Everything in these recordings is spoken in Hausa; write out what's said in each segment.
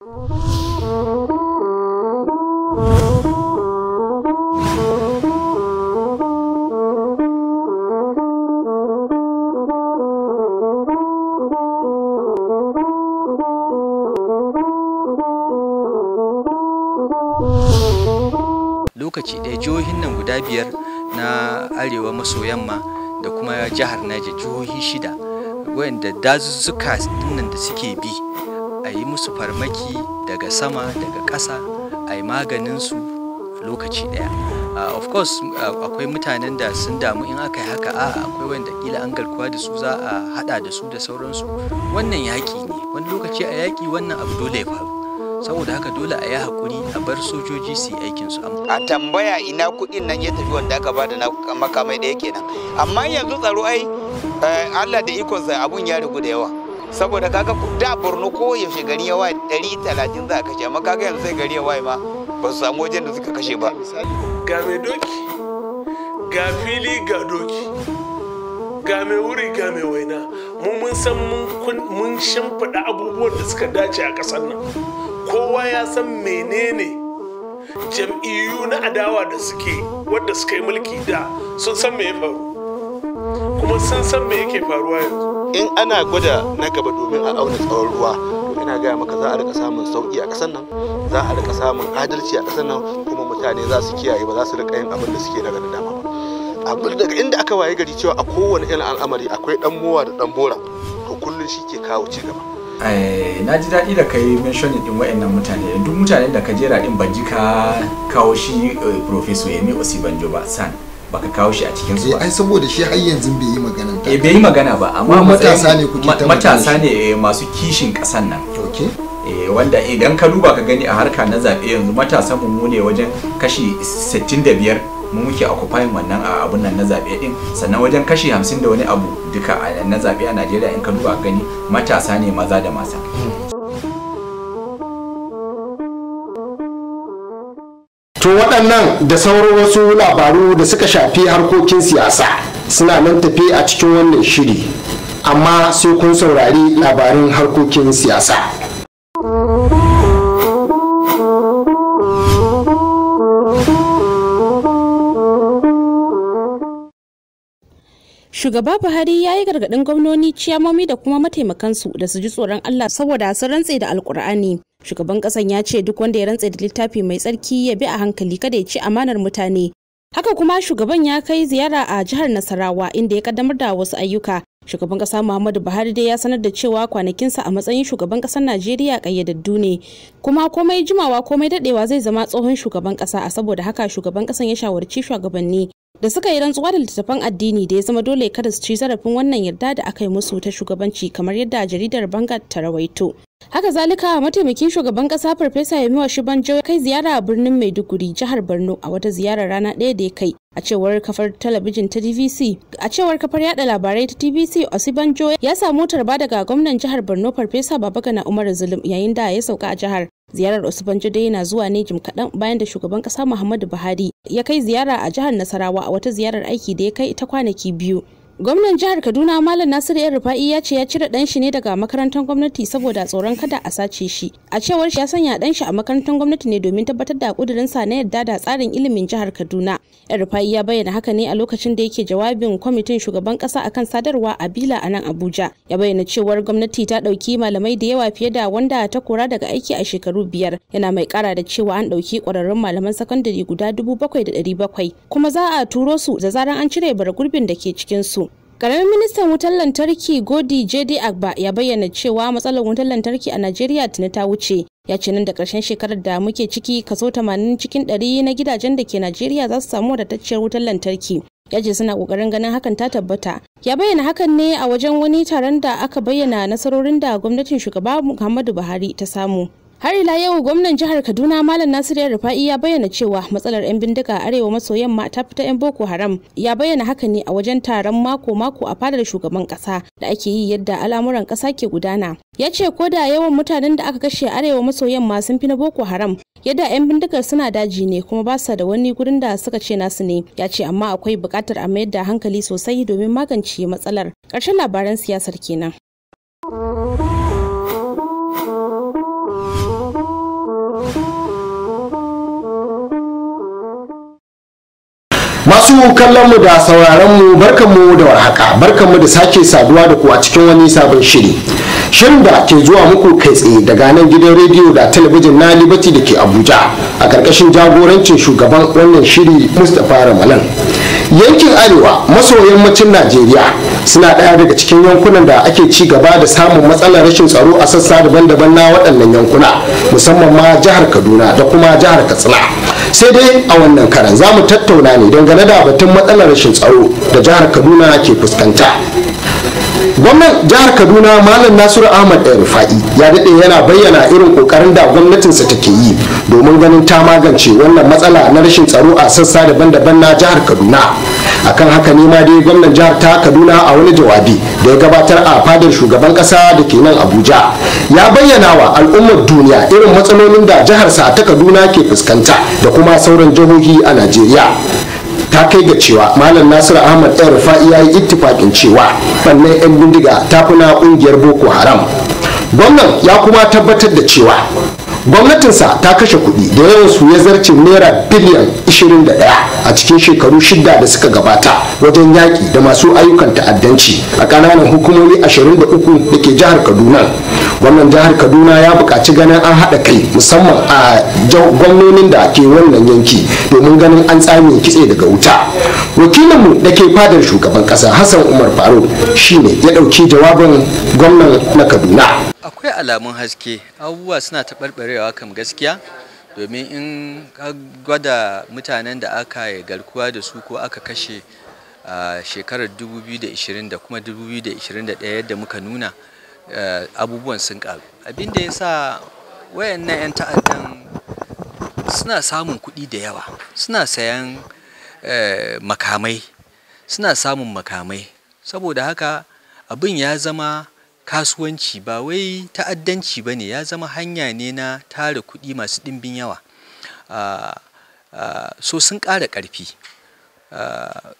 lokaci ɗaya jihohin nan guda biyar na arewa maso yamma da kuma jihar Niger jihohi shida da dazuzzuka nan da suke bi a yi musu farmaki daga sama daga ƙasa a yi maganinsu lokaci ɗaya uh, of course ah, akwai mutanen da sun damu in aka yi haka a ah, akwai wanda kila an garkuwa da su za a hada da su da sauransu wannan yaƙi ne wani lokaci a yaƙi wannan abu dole ya faru saboda haka dole a yi haƙuri a bar sojoji su yi aikinsu a tambaya ina kuɗin nan ya tafi wanda aka bada na makamai da yake nan amma yanzu tsaro ai eh, allah da ikonsa abun ya rigu da yawa saboda kaga da borno ko yaushe gari ya waye ɗari talatin za a kashe amma kaga yanzu sai gari ya waye ma ba su samu wajen da suka kashe ba ga mai doki ga fili ga doki ga mai wuri ga mai waina mu mun san mun shimfiɗa abubuwan da suka dace a ƙasar nan kowa ya san menene jam'iyyu na adawa da suke wadda suka yi mulki da sun san me ya faru kuma sun san me yake faruwa yanzu in ana gwada na gaba domin a auna tsawon ruwa ina gaya maka za a rika samun sauki a ƙasar nan za a rika samun adalci a ƙasar nan kuma mutane za su kiyaye ba za su rika yin abin da suke daga dama ba abin daga inda aka waye gari cewa a kowane irin al'amari akwai dan mowa da dan bora to kullum shi ke kawo ci gaba eh, na ji daɗi da kai mention din wayannan mutane duk mutanen da ka jera din ban ji ka kawo shi eh, professor Yemi Osibanjo ba san baka kawo shi a cikin su ba ai saboda shi har yanzu bai yi magana ba eh, bai yi magana ba amma matasa ne kuke ta matasa ne eh, masu kishin kasan nan okay eh, wanda idan ka duba ka gani a harka na zaɓe yanzu matasan mu ne wajen kashi 65 mu muke occupying wannan a abun nan na zaɓe din sannan wajen kashi 50 da wani abu duka na zaɓe a Najeriya in ka duba ka gani matasa ne maza da mata hmm. to waɗannan da sauran wasu labaru da suka shafi harkokin siyasa suna nan tafi a cikin wannan shiri amma sai kun saurari labarin harkokin siyasa Shugaba Buhari ya yi gargaɗin gwamnoni ciyamomi da kuma mataimakansu da su ji tsoron Allah saboda su rantse da Alkur'ani Shugaban kasan ya ce duk wanda ya rantse da littafi mai tsarki ya bi a hankali kada ya ci amanar mutane. Haka kuma shugaban ya kai ziyara a jihar Nasarawa inda ya kaddamar da wasu ayyuka. Shugaban kasa Muhammadu Buhari dai ya sanar da cewa kwanakinsa a matsayin shugaban kasar Najeriya kayyadaddu ne. Kuma komai jimawa komai dadewa zai zama tsohon shugaban kasa a saboda haka shugaban kasan ya shawarci shugabanni da suka yi rantsuwa da littattafan addini da ya zama dole kada su ci zarafin wannan yarda da aka yi musu ta shugabanci kamar yadda jaridar Bangar ta rawaito. haka zalika mataimakin shugaban kasa farfesa ya miwa shibanjo ya kai ziyara a birnin maiduguri jihar borno a wata ziyara rana ɗaya da ya kai a cewar kafar talabijin ta tvc a cewar kafar yada labarai ta tvc osibanjo ya samu tarba daga gwamnan jihar borno farfesa babagana umar zulum yayin da ya sauka a jihar ziyarar banjo dai yana zuwa ne jim kaɗan bayan da shugaban ƙasa muhammadu buhari ya kai ziyara a jihar nasarawa a wata ziyarar aiki da ya kai ta kwanaki biyu gwamnan jihar kaduna malam nasir yan rufa'i ya ce ya cire dan shi ne daga makarantar gwamnati saboda tsoron kada a sace shi a cewar shi ya sanya dan shi a makarantar gwamnati ne domin tabbatar da kudirin sa na yadda da tsarin ilimin jihar kaduna Rufai ya bayyana haka ne a lokacin da yake jawabin kwamitin shugaban kasa akan sadarwa a Bila a nan Abuja. Ya bayyana cewar gwamnati ta ɗauki malamai da yawa fiye da wanda ta kora daga aiki a shekaru biyar. Yana mai ƙara da cewa an ɗauki ƙwararrun malaman sakandare guda dubu bakwai da ɗari bakwai kuma za a turo su da zaran an cire bara gurbin da ke cikin su. Karamin ministan wutar lantarki Godi JD Agba ya bayyana cewa matsalar wutar lantarki a Najeriya tuni ta wuce. Ya ce nan da karshen shekarar da muke ciki kaso 80 cikin 100 na gidajen da ke Najeriya za su samu wadatacciyar wutar lantarki. Ya ce suna kokarin ganin hakan ta tabbata. Ya bayyana hakan ne a wajen wani taron da aka bayyana nasarorin da gwamnatin shugaba Muhammadu Buhari ta samu har ila yau gwamnan jihar kaduna malam nasiru rufa'i ya bayyana cewa matsalar 'yan bindiga a arewa maso yamma ta fita 'yan boko haram ya bayyana haka ne a wajen taron mako mako a fadar shugaban kasa da ake yi yadda al'amuran kasa ke gudana ya ce ko da yawan mutanen da aka kashe arewa maso yamma sun fi na boko haram yadda 'yan bindigar suna daji ne kuma ba su da wani gurin da suka ce nasu ne ya ce amma akwai bukatar a mayar da hankali sosai domin magance matsalar ƙarshen labaran siyasar kenan masu kallon mu da sauraron mu mu da warhaka mu da sake saduwa da ku a cikin wani sabon shiri shirin da ke zuwa muku kai tsaye daga nan gidan rediyo da talabijin na libati da ke abuja a karkashin jagorancin shugaban wannan shiri mustapha ramalan yankin arewa maso yammacin najeriya suna ɗaya daga cikin yankunan da ake ci gaba da samun matsalar rashin tsaro a sassa daban-daban na waɗannan yankuna musamman ma jihar kaduna da kuma jihar katsina sai dai a wannan karan za mu tattauna ne dangane da batun matsalar rashin tsaro da jihar kaduna ke fuskanta gwamnan jihar kaduna malam nasiru ahmad rufa'i ya daɗe yana bayyana irin ƙoƙarin da gwamnatinsa take yi domin ganin ta magance wannan matsala na rashin tsaro a sassa daban-daban na jihar kaduna akan haka nema dai gwamnan jihar ta kaduna a wani jawabi da ya gabatar a fadar shugaban ƙasa da ke nan abuja ya bayyana wa al'ummar duniya irin matsalolin da jiharsa ta kaduna ke fuskanta da kuma sauran jihohi a najeriya ta kai ga cewa malam Nasiru ahmad ɗan rufa'i ya yi ittifaƙin cewa bannan 'yan bindiga ta fi na ƙungiyar boko haram gwamnan ya kuma tabbatar da cewa gwamnatinsa ta kashe kuɗi da yawan su ya zarce naira biliyan 21 a cikin shekaru shida da suka gabata wajen yaƙi da masu ayyukan ta'addanci a ƙananan hukumomi 23 da ke jihar kaduna gwamnan jihar kaduna ya buƙaci ganin an haɗa kai musamman a gwamnonin da ke wannan yanki domin ganin an tsame kitse daga wuta wakilinmu da ke fadar shugaban ƙasa hassan umar faruk shine ya ɗauki jawabin gwamnan na kaduna akwai alamun haske abubuwa suna taɓarɓarewa kam gaskiya domin in ka gwada mutanen da aka garkuwa da su ko aka kashe a shekarar 2020 da kuma 2021 yadda muka nuna Eh, abubuwan sun ƙaru abin da ya sa wayannan 'yan ta'addan suna samun kuɗi da yawa suna sayan eh, makamai suna samun makamai saboda haka abin ya zama kasuwanci ba wai ta'addanci ba ne ya zama hanya ne na tara kuɗi masu ɗimbin yawa ah, ah, so sun ƙara ƙarfi ah,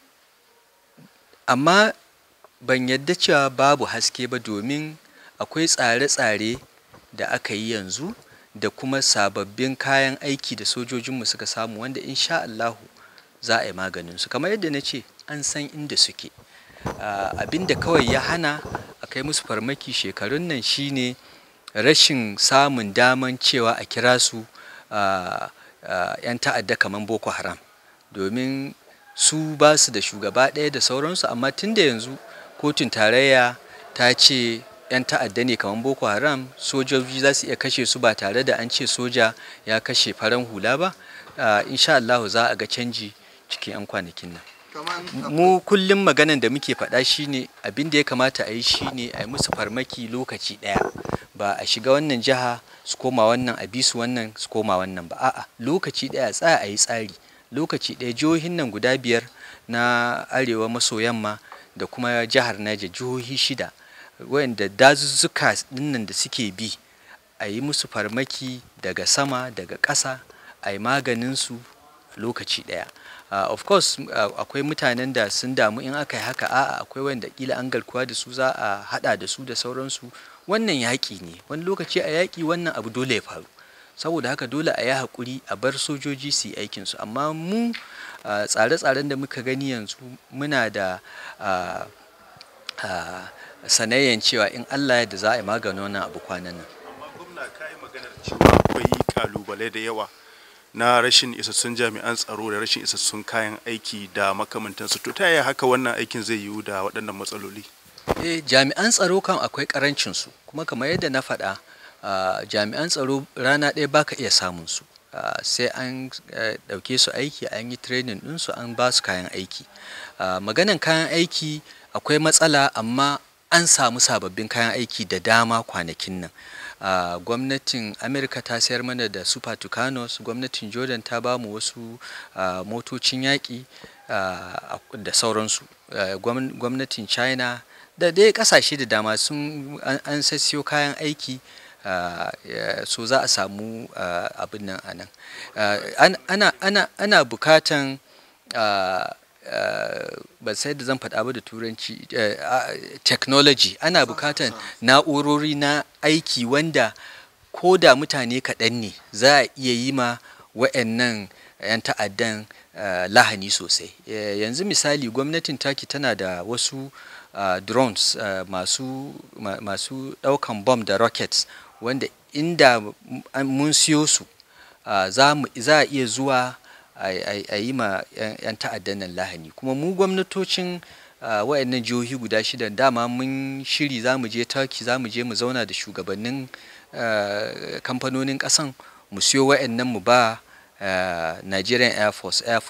amma ban yadda cewa babu haske ba domin akwai tsare-tsare da aka yi yanzu da kuma sababbin kayan aiki da sojojinmu suka samu wanda insha Allah za a yi maganin su. kamar yadda na ce an san inda suke ah, abin da kawai ya hana a kai musu farmaki shekarun nan shine rashin samun daman cewa a kira su ah, ah, 'yan ta'adda kamar boko haram domin su ba su da shugaba ɗaya da sauransu amma tun da yanzu kotun tarayya ta ce 'yan ta'adda ne kamar boko haram sojoji za su iya kashe su ba tare da an ce soja ya kashe faran hula ba insha Allah za a ga canji cikin 'yan kwanakin nan mu kullum maganan da muke faɗa shine abin da ya kamata a yi shine a yi musu farmaki lokaci ɗaya ba a shiga wannan jiha su koma wannan a bisu wannan su koma wannan ba a'a lokaci ɗaya tsaya a yi tsari lokaci ɗaya jihohin nan guda biyar na arewa maso yamma da kuma jihar Niger jihohi shida wayanda dazuzzuka dinnan da suke bi a yi musu farmaki daga sama daga ƙasa a yi maganinsu lokaci ɗaya uh, of course akwai mutanen da sun damu in aka yi haka a'a akwai wanda kila an garkuwa da su za a hada da su da sauransu wannan yaƙi ne wani lokaci a yaƙi wannan abu dole ya faru saboda haka dole a yi haƙuri a bar sojoji su yi aikinsu amma mu tsare-tsaren da muka gani yanzu muna da sanayyan cewa in Allah ya da za a yi maganin abu kwanan nan amma gwamna ka yi maganar cewa akwai kalubale da yawa na rashin isassun jami'an tsaro da rashin isassun kayan aiki da makamantansu to ta yi haka wannan aikin zai yiwu da waɗannan matsaloli eh jami'an tsaro kan akwai karancin su kuma kamar yadda na faɗa jami'an tsaro rana ɗaya baka iya samun su sai an eh, ɗauke su aiki an yi training ɗinsu an ba su kayan aiki maganan kayan aiki akwai matsala amma an samu sababbin kayan aiki da dama kwanakin nan uh, gwamnatin amerika ta sayar mana da super tucanos gwamnatin jordan ta bamu wasu uh, motocin yaƙi uh, da sauransu gwamnatin china da dai ƙasashe da dama sun an sassiyo kayan aiki so za a samu abin nan a nan ana, ana, ana bukatan ba sai da zan faɗa ba da turanci eh, ah, technology ana bukatan na'urori na aiki wanda ko da mutane kaɗan ne za a iya yi ma wa'annan 'yan ta'addan eh, lahani sosai eh, yanzu misali gwamnatin taki tana da wasu drones masu ɗaukan bomb da rockets wanda inda mun siyo su ah, za a iya zuwa a yi ma 'yan ta'addan nan lahani kuma mu gwamnatocin wayannan jihohi guda shida dama mun shiri za mu je turkey za mu je mu zauna da shugabannin kamfanonin kasan mu siyo wayannan mu ba nigerian air force eh,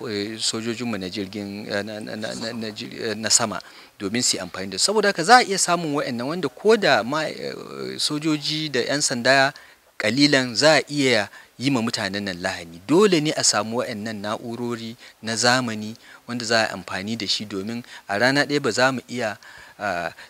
sojojinmu na jirgin eh, eh, na sama domin su amfani da saboda haka za a iya samun wayannan wanda ko da sojoji da 'yan sanda kalilan za a iya yi ma mutanen nan lahani dole ne a samu waɗannan na'urori na zamani wanda za a amfani da shi domin a rana ɗaya ba za mu iya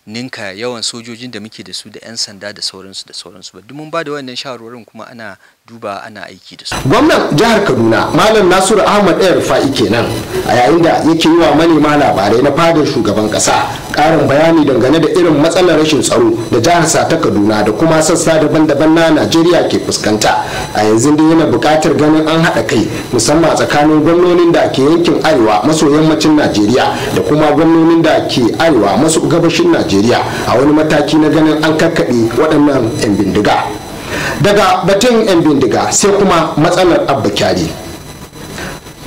ninka yawan sojojin da muke da su da 'yan sanda da sauransu da sauransu ba mun ba da wannan shawarwarin kuma ana duba ana aiki da su. Gwamnan jihar Kaduna Malam Nasiru Ahmad ɗaya rufa'i kenan a yayin da yake yi wa manema labarai na fadar shugaban ƙasa, ƙarin bayani dangane da irin matsalar rashin tsaro da jihar sata ta Kaduna da kuma sassa daban-daban na Najeriya ke fuskanta. A yanzu dai yana buƙatar ganin an haɗa kai musamman tsakanin gwamnonin da ke yankin arewa maso yammacin Najeriya da kuma gwamnonin da ke arewa maso gabashin Najeriya a wani mataki na ganin an kakkaɓe waɗannan 'yan bindiga. daga batun 'yan bindiga sai kuma matsalar abba kyari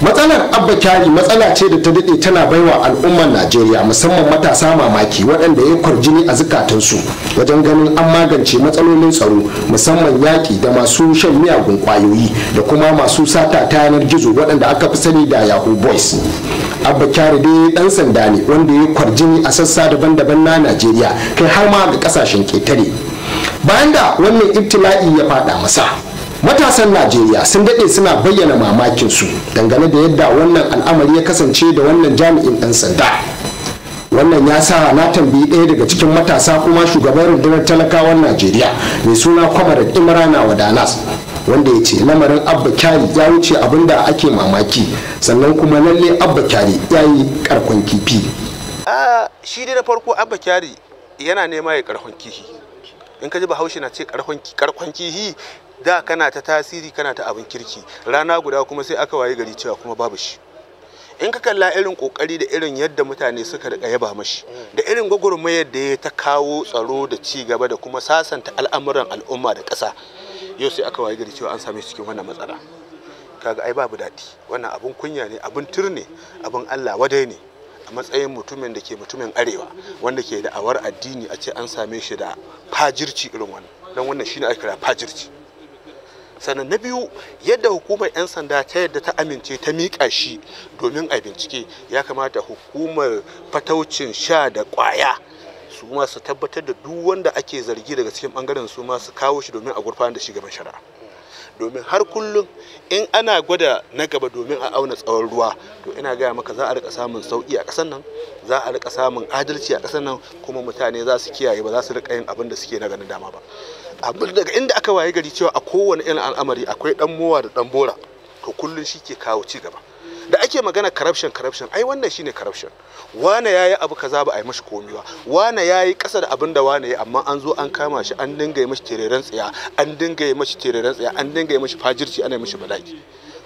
matsalar abba kyari matsala ce da ta daɗe tana baiwa al'ummar najeriya musamman matasa mamaki waɗanda ya kwarjini a zukatansu wajen ganin an magance matsalolin tsaro musamman yaƙi da masu shan miyagun ƙwayoyi da kuma masu sata ta yanar gizo waɗanda aka fi sani da yahoo boys abba kyari dai ɗan sanda ne wanda ya kwarjini a sassa daban-daban na najeriya kai har ma ga ƙasashen ƙetare bayan da wannan ibtila'i ya fada masa matasan najeriya sun daɗe suna bayyana mamakinsu dangane da yadda wannan al'amari ya kasance da wannan jami'in ɗan sanda wannan ya sa na tambayi ɗaya daga cikin matasa kuma shugaban rundunar talakawan najeriya mai suna kwamarin imrana wadanas wanda ya ce lamarin abba kyari ya wuce abin da ake mamaki sannan kuma lalle abba kyari ya yi karkon kifi ah, shi da farko abba kyari yana nema ya karkon kifi in ka ji bahaushe na ce karkon kihi da kana ta tasiri kana ta abin kirki rana guda kuma sai aka waye gari cewa kuma babu shi in ka kalla irin kokari da irin yadda mutane suka rika yaba mashi da irin gwagwarmayar da ya ta kawo tsaro da ci gaba da kuma sasanta al'amuran al'umma da ƙasa yau sai aka waye gari cewa an same cikin wannan matsala kaga ai babu daɗi wannan abun kunya ne abun turne abun Allah wadai ne a matsayin mutumin da ke mutumin arewa wanda ke da awar addini a ce an same shi da fajirci irin wannan don wannan shine ake kira fajirci sannan na biyu yadda hukumar 'yan sanda ta yadda ta amince ta miƙa shi domin a bincike ya kamata hukumar fataucin sha da ƙwaya su ma su tabbatar da duk wanda ake zargi daga cikin bangaren su ma su kawo shi domin a gurfanar da shi gaban shari'a domin har kullum in ana gwada na gaba domin a auna tsawon ruwa to ina gaya maka za a rika samun sauki a ƙasar nan za a rika samun adalci a ƙasar nan kuma mutane za su kiyaye ba za su rika yin abin da suke na ganin dama ba abin daga inda aka waye gari cewa a kowane irin al'amari akwai dan mowa da dan bora to kullum shi ke kawo ci gaba da ake magana corruption corruption ai wannan shine corruption wane yayi abu kaza ba a yi mashi komi ba wane yayi kasa da abinda da wane yayi amma an zo an kama shi an dinga yi mashi tereren tsaya an dinga yi mashi tereren tsaya an dinga yi mashi fajirci ana yi mashi bala'i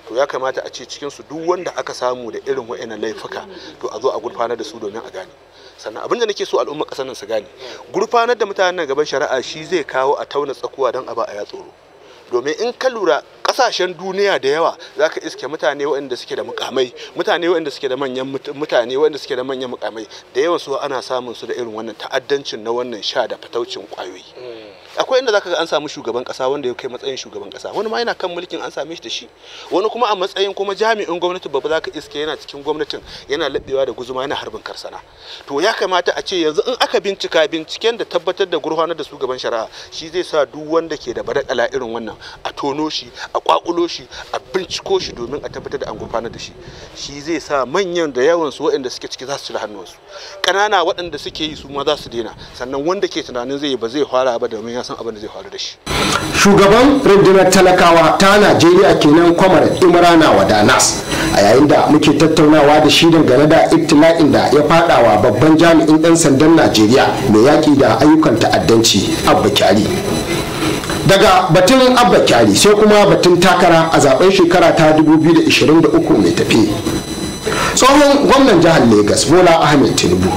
to ya kamata a ce cikin su duk wanda aka samu da irin wa'annan laifuka to a zo a gurfanar da su domin a gane sannan abin da nake so al'umma kasar nan su gane gurfanar da mutanen gaban shari'a shi zai kawo a tauna tsakuwa don a ba a ya tsoro domin in ka lura kasashen duniya da yawa za ka iske mutane waɗanda suke da mukamai mutane waɗanda suke da manyan mutane waɗanda suke da manyan mukamai da yawan su ana samun su da irin wannan ta'addancin na wannan sha da fataucin kwayoyi mm. akwai inda zaka ga an samu shugaban kasa wanda ya kai matsayin shugaban kasa wani ma yana kan mulkin an same shi da shi wani kuma a matsayin kuma jami'in gwamnati babba zaka iske yana cikin gwamnatin yana laɓewa da guzuma yana harbin karsana to ya kamata a ce yanzu in aka bincika binciken da tabbatar da gurhana da shugaban shari'a shi zai sa duk wanda ke da badakala irin wannan a tono shi a kwakulo shi a binciko shi domin a tabbatar da an gurfanar da shi shi zai sa manyan da yawan su waɗanda suke ciki za su cire hannuwansu ƙanana waɗanda suke yi su ma za su daina sannan wanda ke tunanin zai ba zai fara ba domin ya san abin da zai faru da shi shugaban rundunar talakawa ta najeriya kenan kwamar imrana wadanas a yayin da muke tattaunawa da shi dangane da ibtila'in da ya fadawa babban jami'in 'yan sandan najeriya mai yaƙi da ayyukan ta'addanci abba kyari daga batun abba kyari sai kuma batun takara a zaben shekara ta 2023 mai tafi tsohon gwamnan jihar Legas bola ahmed tinubu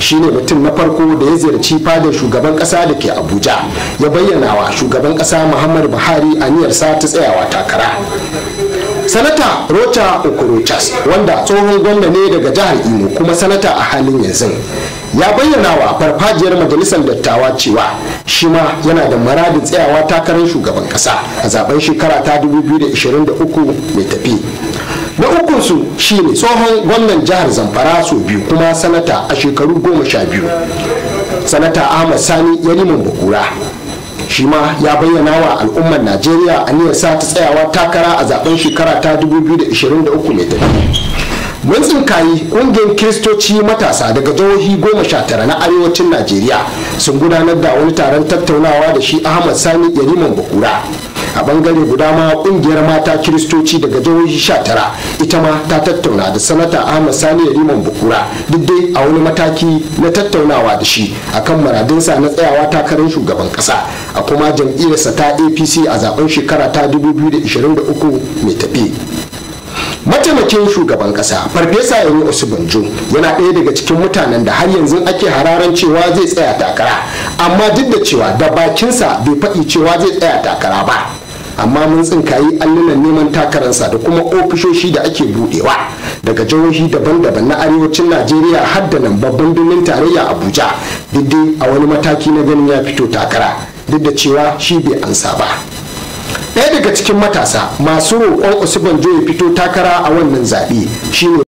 Shi ne mutum na farko da ya ziyarci fadar shugaban kasa da ke abuja ya bayyana wa shugaban kasa muhammadu buhari a aniyarsa ta tsayawa takara sanata rocha okorochas wanda tsohon gwamna ne daga jihar imo kuma sanata a halin yanzu ya bayyana wa farfajiyar majalisar dattawa cewa shi ma yana da maradin tsayawa takarar shugaban kasa a zaben shekara ta 2023 mai tafi na ukun su shine tsohon gwamnan jihar zamfara sau biyu kuma sanata a shekaru goma sha biyu sanata ahmad sani yariman bukura shi ma ya bayyana wa al'ummar najeriya a sa ta tsayawa takara a zaben shekara ta 2023 mai tafi mun tsinkayi ƙungiyar kiristoci matasa daga jihohi goma sha tara na arewacin najeriya sun gudanar da wani taron tattaunawa da shi ahmad sani yariman bukura a bangare guda ma kungiyar mata kiristoci daga jihohi 19 ita ma ta tattauna da sanata ahmad sani liman bukura duk dai a wani mataki na tattaunawa da shi a kan maradinsa na tsayawa takarar shugaban kasa a kuma jam'iyyarsa ta apc a zaben shekara ta 2023 mai tafi mataimakin shugaban kasa farfesa yanyi osibanjo yana ɗaya daga cikin mutanen da har yanzu ake hararan cewa zai tsaya takara amma duk da cewa da bakinsa bai faɗi cewa zai tsaya takara ba amma mun tsinkayi allunan neman takararsa da kuma ofishoshi da ake budewa daga jihohi daban-daban na arewacin najeriya har da nan babban birnin tarayya abuja duk a wani mataki na ganin ya fito takara duk da cewa shi bai ansa ba ɗaya daga cikin matasa masu roƙon usman ya fito takara a wannan zaɓe shine